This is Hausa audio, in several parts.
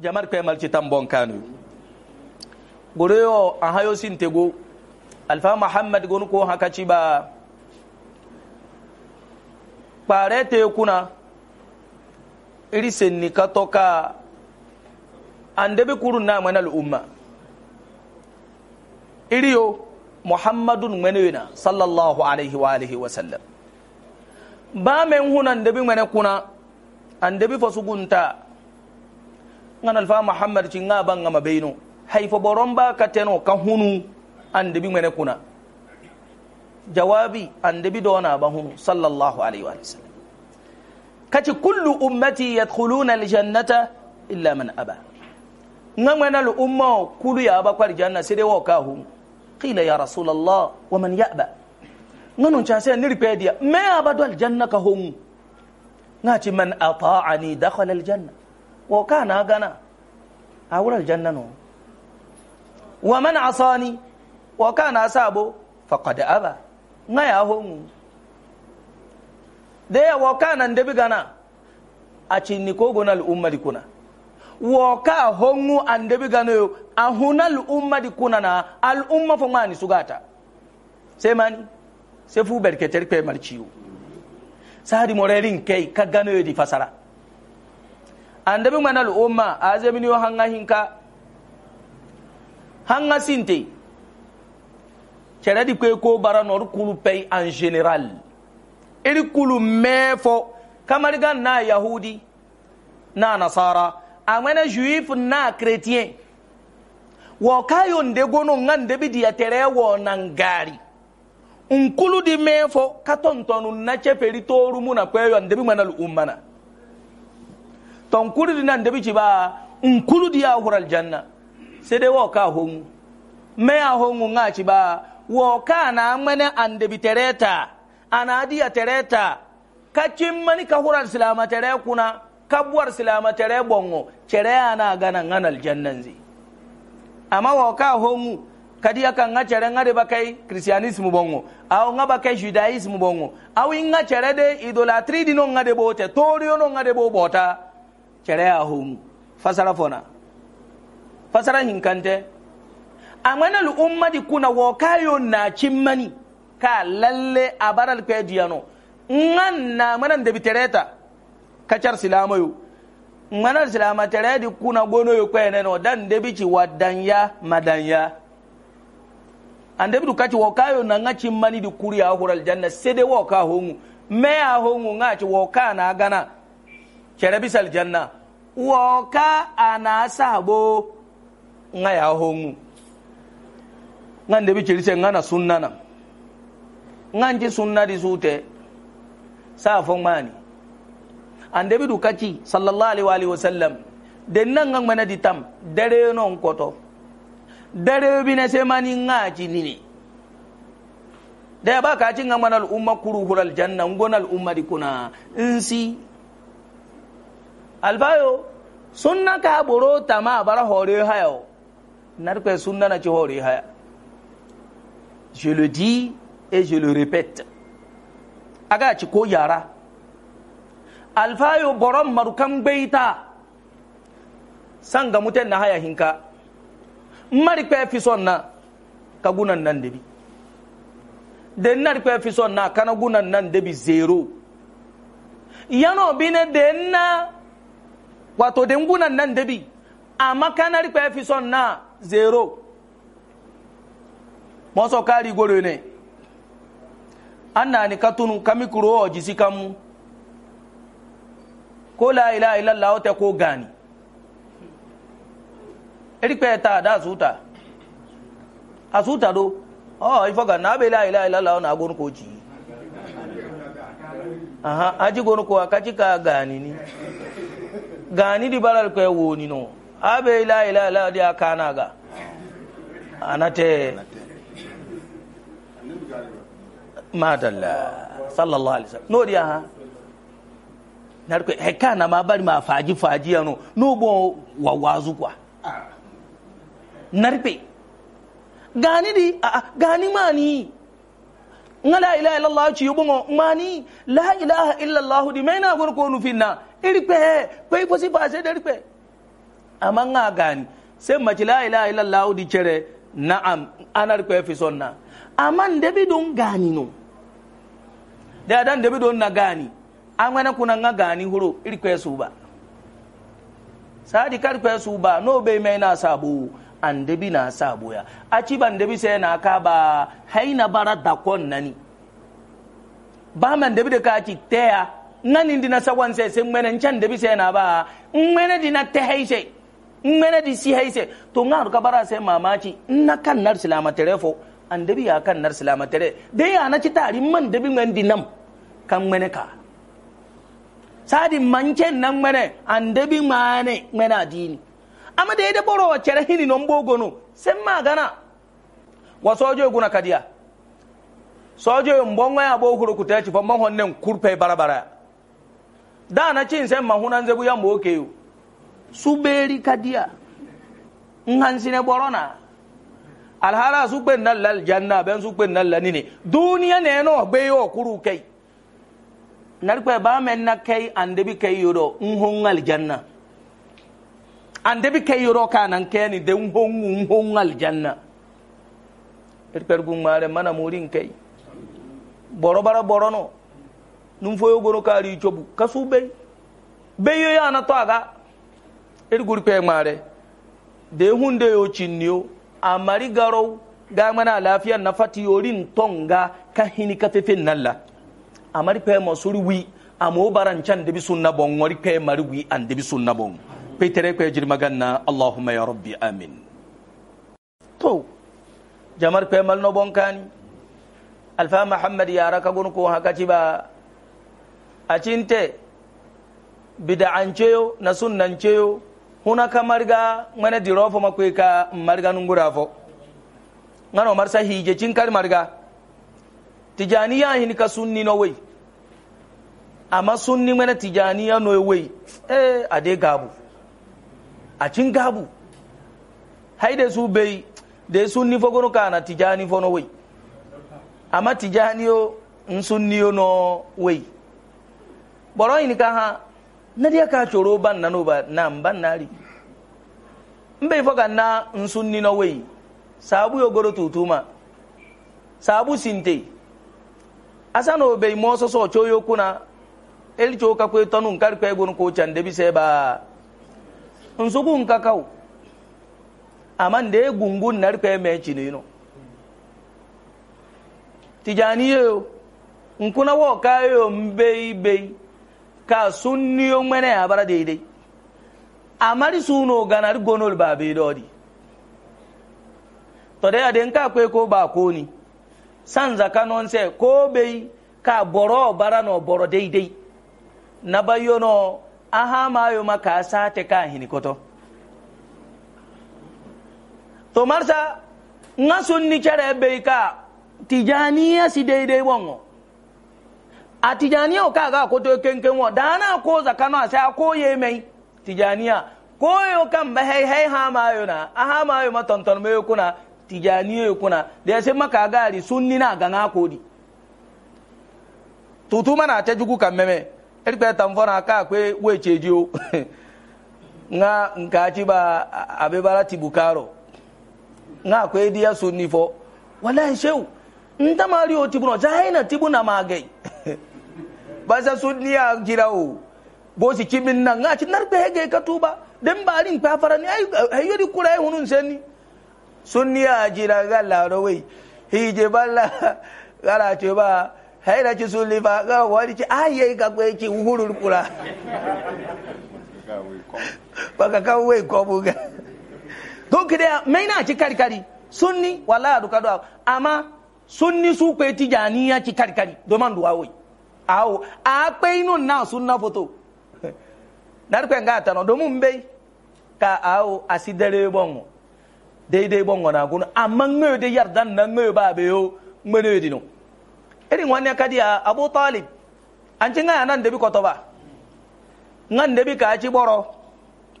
jamar kwe malci tambon kanu yau an hayo sin alfa muhammad gonu ko haka ci ba kpare te kuna iri senni ka to kurun na mwana al'umma iri yo muhammadun mwenewina sallallahu alaihi wa alihi wa sallam ba men hunan debi mwana kuna an fasugunta ngana alfa muhammad ci nga banga beino hay fo boromba kateno ka hunu ande bi mene kuna jawabi ande bi dona ba hunu sallallahu alaihi wa sallam kaci kullu ummati yadkhuluna aljannata illa man aba nga ngana al umma kulu ya ba kwar janna sai dai waka hunu qila ya rasulullah wa man ya'ba cha se ni ripedia me aba dal janna ka hunu ngati man ata'ani dakhala aljanna wo kana gana a wural janna no wa man asani wo kana sabo faqad aba ngaya hongu da ya wo kana ndabi gana a cinni ko gonal ummadi kuna wa ka hongu andebi gana yo a hunal ummadi kuna na al umma fo mani sugata sai mani sai fu berketer kwe malciwo sari morerin kai ka gano yo di fasara andabi ŋmana al umma yo hanga hinka hanga sinte ceradi kwe ko bara nor kulu pey en général iri e kulu mefo fo kamarigan na yahudi na nasara amene juif na chrétien wo kayo ndegono nga ndebi diya tere wo nangari nkulu di mefo katontonu na cheperi torumu na kweyo ndebi ŋmana al ummana ton kurdi nan da biki ba in kurdi ya hural janna sai dai woka hongu me ya hongu nga ci ba woka na mane an da bi tereta ana anadiya tereta kacin mani ka hural silama tere kuna kabuwar silama tere bongo tere ana gana nganal jannan zi amma woka hongu kadi aka nga tere nga de ba kai kristianismu bongo au nga ba kai judaismu bongo au nga tere de idolatri dino nga de bote torio no nga debo bota kere ya hum fasara fona fasara hinkante amana lu ummadi kuna wo kayo na chimani, ka lalle abaral pe diyano ngan na manan de bitereta kacar silama yo manar silama tere di kuna gono yo kwe ne no dan de bici wadanya madanya ande bi dukaci wo kayo na ngachimani, mani di kuri ya hural janna sede wo ka hongu me a hongu ngachi wo ka na gana kerebisal janna woka anasabo nga ya hongu nga ndebi cirise nga na sunna na nga nci sunna di sute sa fo ngmani andebi du kaci sallallahu alaihi wa alihi wasallam den nan nga ngmana di tam dare no nkoto dare bi na semani nga ci nini da ya ba ka cin ngmana al umma kuru hural janna ngona al umma di kuna insi alfayo sunna ka boro tama bar hore hayo narpe sunna na ci hore haya je le di, et je le répète aga ci ko yara alfayo boron marukan gbaita sanga muten na haya hinka marpe fi sonna ka gunan nan debi den narpe fi sonna kana gunan nan debi zero yano bine den na wato dingunan nan dabi amma kana rikpe na zero moso kari goro ne anna ni katunu kami kuro o jisi kamu ko la ilaha illallah ko gani rikpe ta da suta asuta do oh ifoga na be la ilaha illallah na gonu ko aha aji gonu ko akaji ka gani ni gani di baral kwe woni no abe ila ila ila di akana ga anate madalla sallallahu alaihi wasallam no dia ha nar kwe hekana ma bari ma faji faji yano no bo wawazu kwa nar kwe gani di a gani mani nga la ilaha illallah ci yubungo mani la ilaha illallah di maina gorko nu finna iri kpe kpe posi pase da iri kpe amma nga gani sai mace la ilaha illallah di cere na'am ana kpe fi sonna amma ndebi don gani no da dan ndebi don na gani an wani kuna nga gani huru iri kpe su ba sadi kar kpe su ba no be mai na sabo an debi na sabu ya a ci ban debi sai na ka ba haina bara da kon nani ba man debi da ka ci teya nanin nin dina sawan se se ngmene nchan de bi na ba di dina te heise mwene di si heise to nga ka bara se mamaci na kan nar silama telefo an de ya kan nar silama tele de ya na ri man de bi ngmen dinam kan mwene ka sadi manchen nan mwene an de bi ngmane adini ama de de boro wa chere hini non bogono sai magana wa sojo guna kadia sojo mbongo ya bo huru kutaci famman honnen kurpe barabara dana chin sen mahuna nze buya mboke yo suberi kadia nhansine borona alhala su pe nalla aljanna ben su pe nalla nini Dunia neno no be yo kuru kai narkwe ba men na kai andebi bi kai yodo nhon aljanna ande bi kai yodo kanan kai de nhon nhon aljanna irper gumare mana murin kai borobara borono num foyo gono kaari cobu kasu bey beyo yana to aga eri guri pe mare de hunde yo cinniyo amari garow gamana lafiya na fati yorin tonga ka hini ka nalla amari pe masuri wi amo baran can debi sunna bon wari pe mari wi an debi sunna bon petere pe jirma ganna allahumma ya rabbi amin to jamar pe mal no bon kani alfa muhammad ya raka gon ko haka ci ba acinte bida'anceyo na sunnanceyo huna ka marga ŋmene diro ma makwe ka marga nungura fo ŋano marsa hije cinkari marga tijani ya hini ka sunni no wei amma sunni ŋmene tijaniya no wei e ade gabu acin gabu haide su bei de sunni fo gono kana tijani fo no wei amma tijaniyo n sunniyo no wei boro ini ka ha nadia ka chọrọ ụba nna n'ụba na mba nna ri mba ifo ka na n'ọwa yi nsunni no wei sabu yogoro tutuma sabu sinte asa na obe imo ọsọsọ ọchọ cho yoku na eli cho ka kwe tonu nkari kwe gun ko chan debi se ba nsuku nkakau ama nde gungun nari kwe me tijani tijaniye yo nkuna wo kayo mbei bei ka sunniyo ŋmene abara bara deidei amari suno ganari gonol babe dodi to dai aden ka kwe ko ba ko ni san zaka non bei ka boro bara no boro deidei naba yono no aha ma maka sate ka hini koto to marsa nga sunni kere bei ka tijaniya si deidei wongo a tijaniya ka ga ko to kenken wa dana ko zakano sai ko ye mai tijaniya ko yo kan ba hai hai ha ma yo na a ha ma yo ma tonton me yo kuna tijaniya yo kuna da sai maka gari sunni na ganga ko di tutu mana ta jugu kan meme irbe tamfona ka kwe weche o nga nka ci ba bara ti bukaro nga kwe diya sunni fo wallahi shew ntamari o tibuna jahina tibuna magai basa sunniya jirawo bosi kimin nan nga ci narbe hege ka tuba den barin pa farani ay kura kurai hunun sun niya jira ga laro wai hije balla gara ce ba haira ci sunni ba ga wani ci ayyai ga kwai ci hurur kura ka kan wai ko ga to kide mai na ci karkari sunni wallahi duka do amma sunni su kwai tijaniya ci karkari domin duwa wai awo akpei no na sunna foto narikwe nga atano domu mbei ka awo asidere bongo deidei bongo na gono amma ngoyo de yardan na ngoyo babe yo ngmene dino irin wani kadi a abu talib an ci ngaya nan debi koto ba ngan debi ka ci boro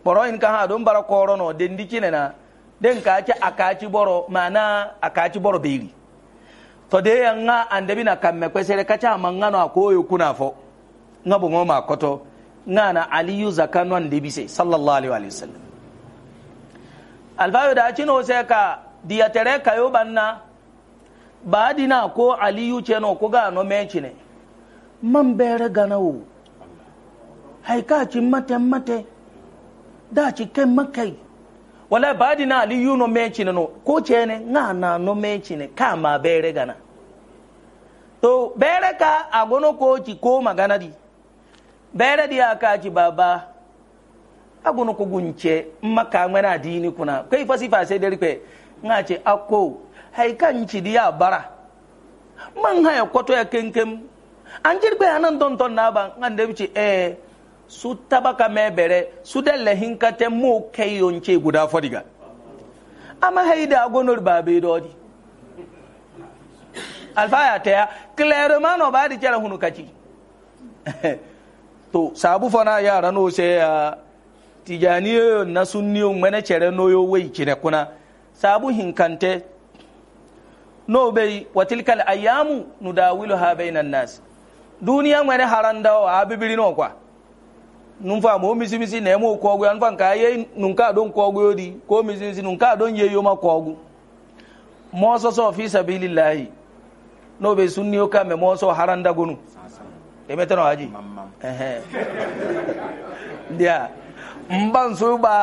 boro in ka ha don bara koro no dendi kinena den ka ci aka ci boro mana aka ci boro beiri to todeya nga andabi na kan me kwesere kacha amangano akoyo kuna fo nga bu ma koto nga na aliyu zakano andabi se sallallahu alaihi wasallam alfayo da chino se ka diya tere kayo banna ba na ko aliyu cheno ko ga no me mechine man bere hay ka ci mate mate da ci ken makai wala ba dina aliyu no mechine no ko chene nga na no mechine kama bere gana to bere ka a gono ko ci ko magana di bere di aka ci baba a gono ko gunce maka ngana adini kuna kai fasifa sai dare kwe nga ce akko hai kan ci di ya bara man haya kwato ya kenkem an jirgbe anan don ton na ba nga da bici eh su tabaka me bere su dalle hinkate mo kai yonce guda fodiga amma haida gonor babe dodi alfa ya teya clairement no di kera hunu kaci to sabu fana yara no se ya tijaniyo na sunniyo mene cere no yo wei kine kuna sabu hinkante no be wa tilkal ayamu ha bainan nas duniya mene haranda o abibiri no kwa nun fa mo misi misi ne mo kogu an fan kaye nun ka don kogu yodi ko misi misi nun ka don yo ma kogu mo so so fi sabilillahi no ɓe sunniyo kamɓe mo so haranda gonu emetano haji ndiya mban soyuɓa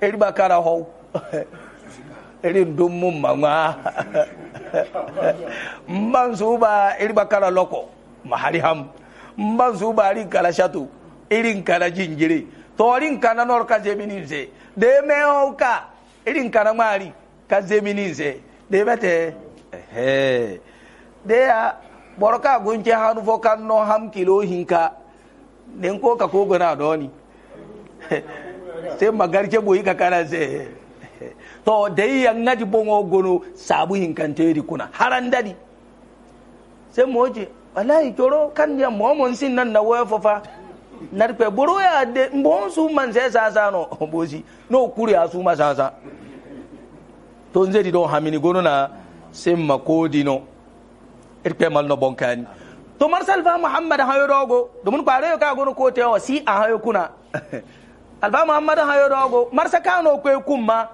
eriɓa kara how erin dummum maga mban soyuɓa eriɓa kara loko mahari ham mban soyuɓa arin kala chatu irin kala jinjiri torin kana nor ka zeminin se de meo ka irin kana mari ka zeminin se de mete ehe deya boro ka gunce hanu fo kanno ham kilo hinka den ko ka kogo na doni sai magarce boyi ka kana sai to dai yan ngaji bongo gono sabu hinkanteri kuna haran dadi sai moje wallahi coro kan dia momon sin nan na waya fofa narpe boro ya de mbon su man sai sasa no bozi no kuri asu ma sasa to nzedi don hamini gono na sai makodi no ir kpe no bonkani to mar muhammad hayo dogo domin kwaro ka gono ko te o si a hayo kuna alfa muhammad hayo dogo mar sakano kwe kumma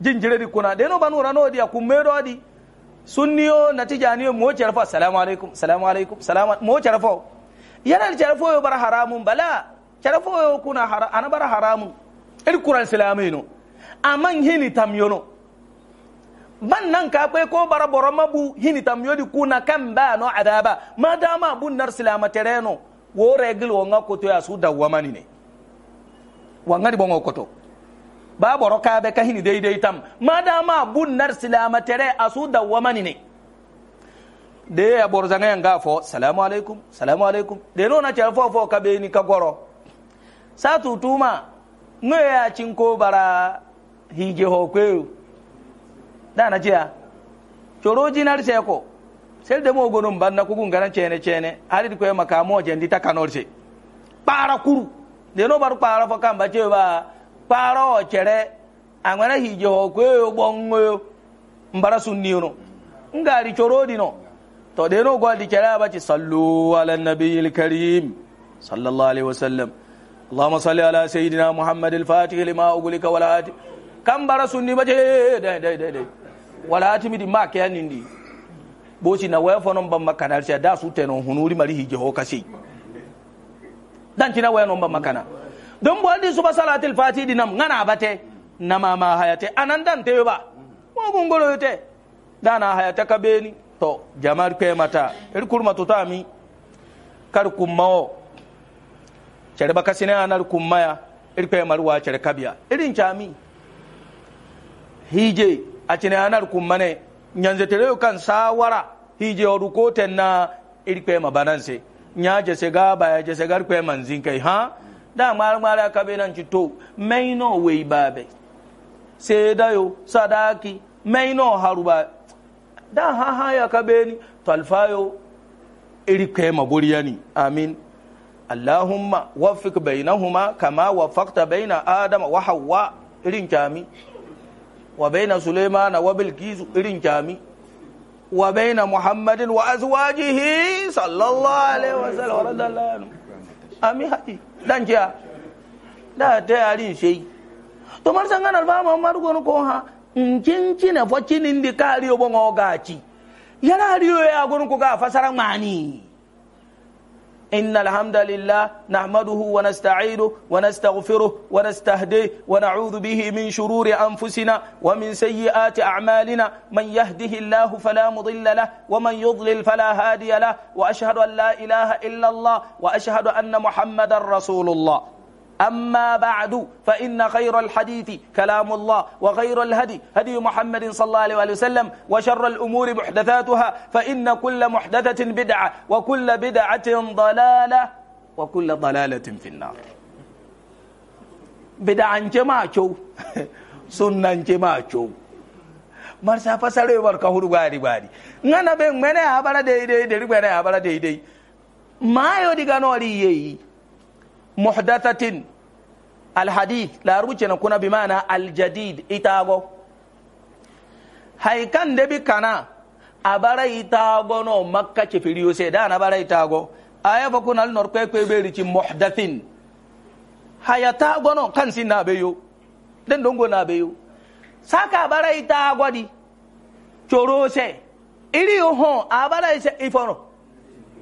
jinjire di kuna deno banu rano di akumme do di sunniyo natijaniyo mo charfo assalamu alaikum assalamu alaikum salamu mo charfo yana charfo yo bar haramun bala charfo yo kuna ana bar haramun ir kuran islamino amman hini tamyono ban nan ka kwe ko bara boro mabu hini tam yodi kuna kan ba no adaba madama bun nar silama tereno wo regil wo nga koto ya su dawamani ne wa ngari bongo koto ba boro ka be ka hini daidai tam madama bun nar silama tere asu dawamani ne de ya boro zanga yanga fo salamu alaikum salamu alaikum de no na cha fo fo ka be ni ka goro satu tuma ngoya chinko bara hije ho kweu da na jiya coro jinar seko sel de mo gonum banna ku gun garan chene chene hali ko maka moje ndi ta kanorse para kuru de no bar para fo kamba che ba para o chere angwana hije ho ko yo bongo mbara sunni no ngari coro di no to de no go di chere ba ci sallu ala nabiyil karim sallallahu alaihi wasallam Allahumma salli ala سيدنا Muhammadil الفاتح لما ugulika والهاتف كم برا سني بجي داي داي داي, داي. wala atimidi ma ke anindi bosi na waya fonon bamma kanal se da su tenon hunuri mari hije ho kasi dan tina waya non bamma don bo andi suba salatil fati dinam ngana bate na mama hayate anandan tewe ba mo gongolo yote dana hayata kabeni to jamar kwe mata eri kurma tutami kar kummawo cere baka sine anar kummaya eri kwe maruwa cere kabiya irin chami hije a acine anar kummane ñanzetereyo kan sawara hije odu koten na iri kpema bananse ya jesega baya jesegar manzin kai ha da ŋmaara ŋmaara a kabe nanci to meino wei baabe seedayo sadaki meino haru ba da ha ha ya ni to alfayo irkwe maburiya ni amin allahumma waffik bainahuma kama waffakta baina adama wa rin irin wa baina sulaimana wa bilkisu irin kyami wa baina muhammadin wa azwajihi sallallahu alaihi wa sallam radallahu ami hadi dan kiya da ta yarin shei to mar san ganar ba muhammadu gonu ko ha nkin kina fo kinin di kariyo bon ogaci yana riyo ya gonu ko ga fasara mani إن الحمد لله نحمده ونستعيده ونستغفره ونستهديه ونعوذ به من شرور أنفسنا ومن سيئات أعمالنا من يهده الله فلا مضل له ومن يضلل فلا هادي له وأشهد أن لا إله إلا الله وأشهد أن محمد رسول الله أما بعد فإن خير الحديث كلام الله وخير الهدي هدي محمد صلى الله عليه وسلم وشر الأمور محدثاتها فإن كل محدثة بدعة وكل بدعة ضلالة وكل ضلالة في النار بدعة جماعة سنة جماعة marsa fasare war ka huru bari bari ngana be mene habara de de de mene habara de de mayo diga no ri yeyi muhdathatin alhadith laarucena kuna bimana aljadid itaago haykan debi kana abara itaago no makka cefiriyo sedan abara itaago aya fo kunal norkwekwe berici muhdathin haya taago no kan sin nabeyo den dongo nabeyo saka abara itaago di corose iriyo hon abara ise ifono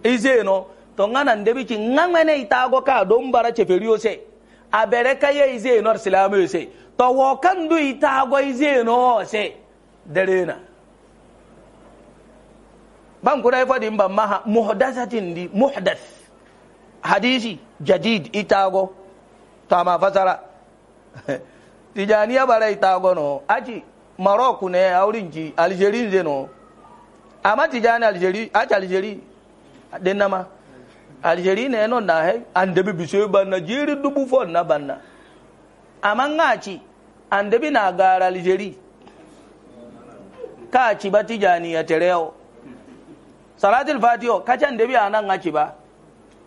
iseno to ngana ndebi ci ngangane itago ka don bara ce feriyo se a bere kaye ize no islamu se to wo kan du itago ize no se dare na ban kuda fa din ban maha muhdathatin ndi muhdath hadisi jadid itago ta ma fasara tijaniya bara itago no aji maroku ne aurinji algerin ze no amma tijani algeri aji algeri dinnama aljeri neno eno na hai an dabi jiri dubu fon na banna amma ngaci an dabi aljeri ka ci ba tijani ya tereo salatul ngaciba, kaca an dabi ngaci ba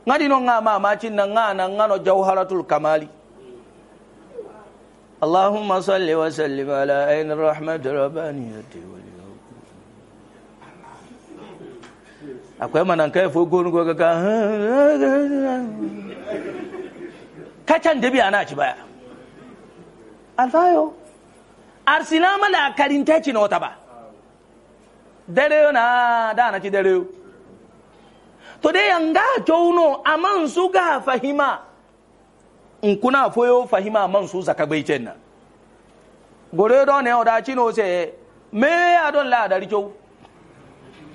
ngadi no ngama ma na ngana ngano jauharatul kamali jawharatul kamali اللهم صل وسلم على عين الرحمة ربانيتي akwai manankai fo gonu goga ka kacan da biya na ci baya alfayo arsina mala karinta ci na wata ba dare na da na ci dare to dai yanga jouno aman su ga fahima in kuna foyo fahima man su zaka baicen na gore do ne oda ci no se me ya la dari jou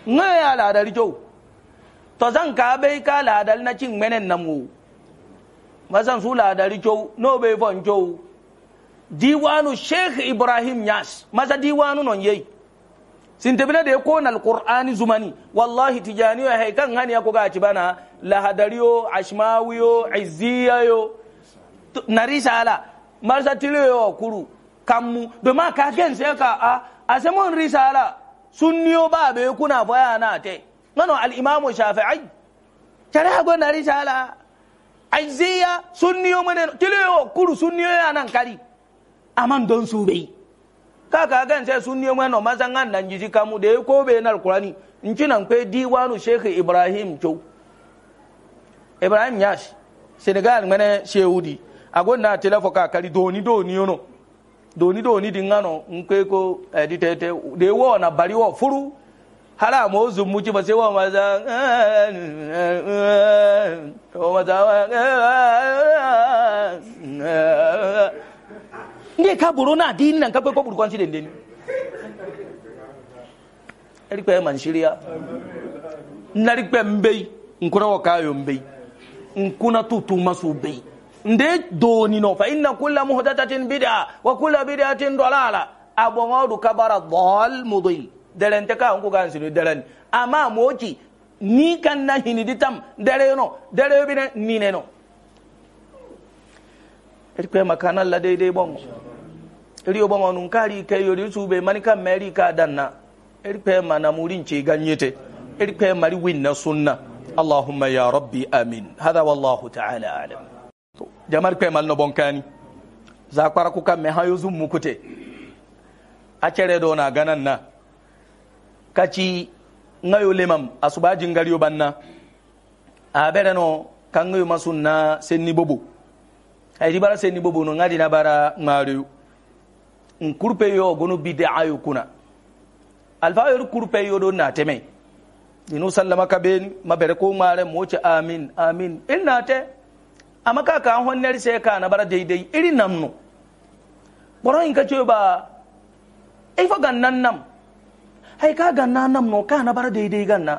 ne ya la dari jou to zan ka bai ka ladal na cin menen na mu masan su ladari kyau no bai kyau diwanu sheikh ibrahim yas masa diwanu non yayi sintebina da ko nal zumani wallahi tijani wa haikan hani ko ga bana lahadariyo ashmawiyo izziyayo narisala marsa tiliyo kuru kammu do ma ka gen se ka a asemon risala sunniyo ba be kuna baya na te ngano alimamu shafi'i cara go nari sala aiziya sunniyo mene kiliyo kuru sunniyo ya nan kari aman don su bai kaka gan sai sunniyo mene mazan an nan jiji kamu da ya ko bai na alkurani in ci nan kwai diwanu shekhu ibrahim co. ibrahim yashi senegal mene shehudi a gonna telefo ka kari doni doni yono doni doni dingano nkwe ko editete eh, de wo na bari wo furu hara mozu muki ba sai wa maza wa maza ndiye ka buru na dini nan kakwe ko burkwanci da ndeni rikpe man shirya na rikpe mbei nkura wa kayo mbei nkuna tutu masu bei nde doni no fa inna kullu muhdathatin bid'a wa kullu bid'atin dalala maudu kabara dhal mudil daren ta kawo kuka kuga daren amma moki ni kan na hinidi tam dare no dare bi ne ni ne no irkwe makanan la daidai bon iri obo ma kari kari kai yori su be mani kan meri ka danna irkwe ma na murin ce ganyete irkwe mari win na sunna allahumma ya rabbi amin hada wallahu ta'ala alam jamar kwe mal no bonkani za kwara kuka me hayo zum mukute a cere do na ganan na kaci ngayo lemam asuba jingariyo banna abereno kangayo masunna senni bobo ayiti bara senni bobo no ngadina bara ŋariyo nkurpeyo gonu bidaayo kuna alfayoru kurpeyo do nateme inu sallama ka mabere ko ŋare moce amin amin il nate ama ka kan honneri se kana bara deidei iri namno ɓoroyin kacoyo ba ifo gan nam hay ka ganna nam no ka na bara daidai ganna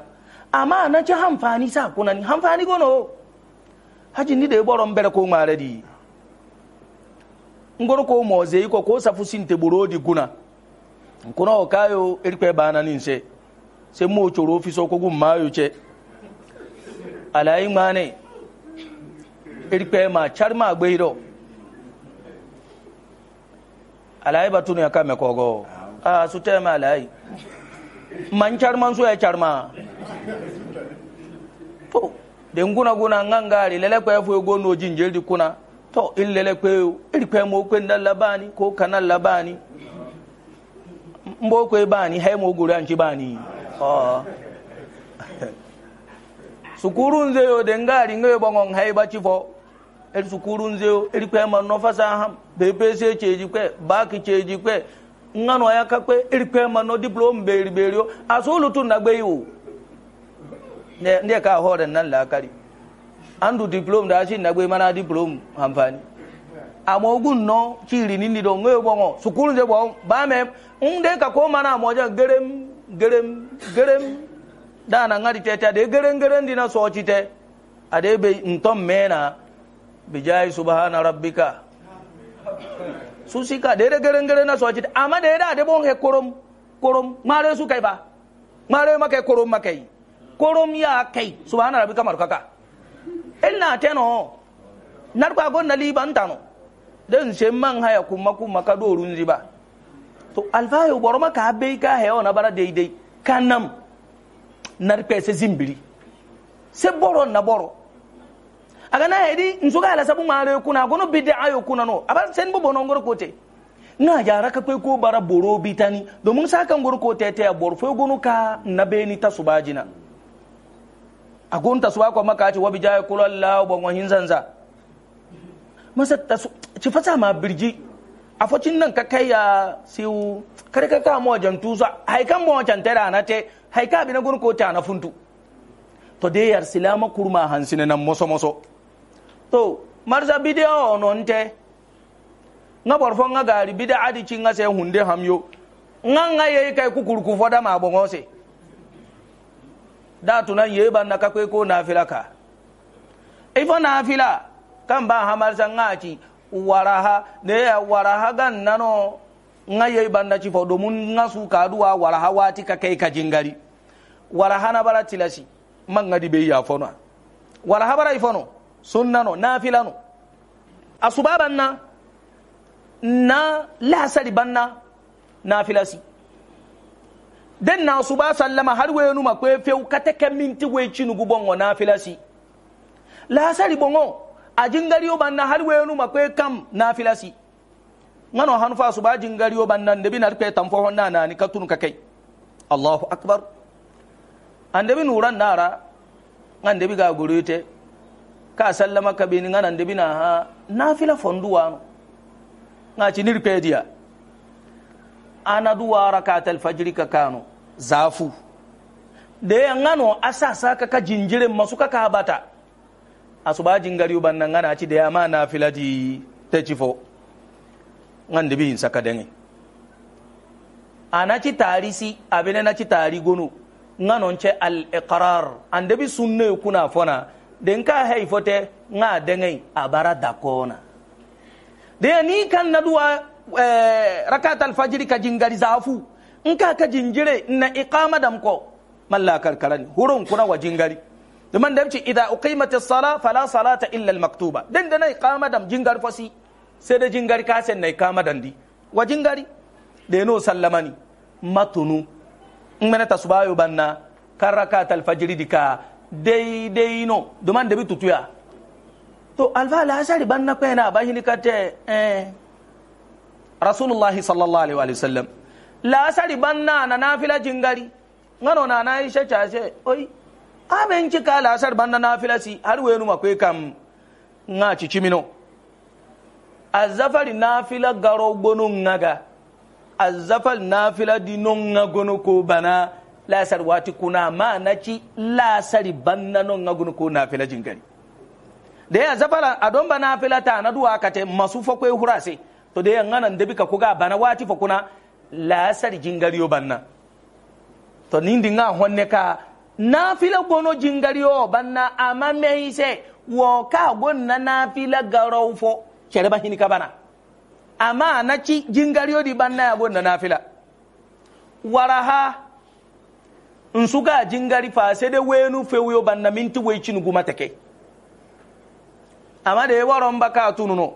amma na ci hamfani sa kuna ni hamfani gono haji ni da ya boron bere ko mare di ngoro ko mo zai ko ko safu sin te burodi guna kuna o kayo irpe bana nin se se mo choro fi so ko gum mayo che alai mane irpe ma charma gbeiro alai batunu ya kame kogo ah su tema alai man carman suya carma to den guna guna ngangari lele kwe fo go no jinjel di kuna to il lele kwe il kwe mo kwe ndal labani ko kanal labani mbo kwe bani hay mo gura anchi bani oh sukuru den bongon hay el sukuru il kwe man no fasa ham cheji kwe cheji kwe ngano ya kakwe irikwe mano diplo mberi berio asulu tun na gbeyo ne ne ka hore nan la kari andu diploma da shi na gbe mana diploma amfani amma ogun no chiri ni do ngoyo bongo sukulu je bon ba me unde ka ko mana moja gerem gerem gerem da na ngari tete de gerem gerem dina so chite ade be ntom mena bijai subhana rabbika susi ka da geren geren na soji amma da yada da bon he korom korom mare su kai ba mare makai korom makai korom ya kai subhana rabbika kaka ina teno narba gon na liban tano dan se man haya kuma kuma ka dorun ziba to alfayo boro maka abe ka he ona bara daidai kanam nar pese zimbiri se boro na boro yadi nso nsuga ala sabu mare kuna gono bidde ayo kuna no abar sen bo bonongor kote nga yara ka kwe ko bara boro bitani domin sakan gor ko te a bor fo gono ka na beni ta subajina agon ta suwa ko maka ci wabi jaye kula Allah bon wahin zanza masa ta ci fata ma birji a focin nan ka kai ya siu kare ka ka mo jantu sa hay kan mo jantera na te hay ka bi na gon ko ta na funtu to de yar silama kurma hansine nan moso moso to marsa bide o nonte nga bor fo nga gari bide adi ci nga se hunde hamyo nga nga ye kai kukurku foda ma bongo se da tunan ye ban na kakwe ko na filaka ifo na fila kan ba hamarsa nga ci waraha ne ya waraha gan nano nga ye ban na ci fo domun nga su ka duwa waraha wati ka kai ka jingari waraha na bara tilasi man nga di be ya fono waraha bara ifono sunna no nafila no asuba banna na lasari banna nafila si den na asuba sallama har wenu ma kwe few kata kan minti we chinugu bongo nafila si lasari bongo ajingari yo banna har wenu ma kwe kam nafila si ngano hanu fa asuba ajingari yo banna ndebi na kwe tamfo honna na ni katunu kakai allahu akbar andebi nuran nara ngandebi ga gorote ka sallama ka beni ngana nde bina ha nafila na ci nirpedia ana duwa katal fajiri ka kanu. zafu deya ngano asasa ka jinjire masu ka bata asuba jingari ubanna ngana ci deya ma nafila di tecifo ngan saka insaka ana ci tarisi abine ci tari gonu ngano nce al iqrar andebi sunne kuna fona den ka hay fote nga dengai abara dakona de ni kan naduwa duwa eh, rakat alfajiri ka jingari zafu in ka ka jinjire na iqama dam ko malla karkaran hurun kuna wa jingari da man damci idza uqimat as-sala fala salata illa al-maktuba den da na iqama dam jingar fasi sai da jingari ka sen na iqama dan di wa jingari de no sallamani matunu in mana tasbayu banna kan rakat alfajiri dika deideyino doman debi tutuya to alfa alasari banna kwena abahini kate eh, rasulullahi sallallahu alaihi Wasallam. sallam lasari banna na nafila jingari ngano na na isha chase oi amen cika lasar banna nafila si har wenu makwe kam nga cicimino azafari nafila garo gbono ngaga Azafal nafila dino nga gono ko bana lasar wati kuna ma na ci lasari banna non nga gunu ko nafila jingari da ya zafara a don ba nafila ta na duwa ka ce masu fakwai kwai hurase to da ya ngana da bika kuga bana wati fa kuna lasari jingari yo banna to nindi nga honne ka nafila gono jingari yo banna amma me ise wo ka na nafila garau fo kere ba ka bana amma na ci jingari yo di banna ya na nafila waraha nsuga jingari fa sede wenu fewyo banna minti weycinu gumateke ama de waron baka tununo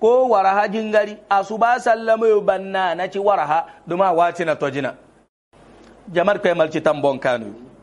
ko waraha jingari asuba sallamayo banna naci waraha duma watina tojina jamar kwe malci tambon kanuyu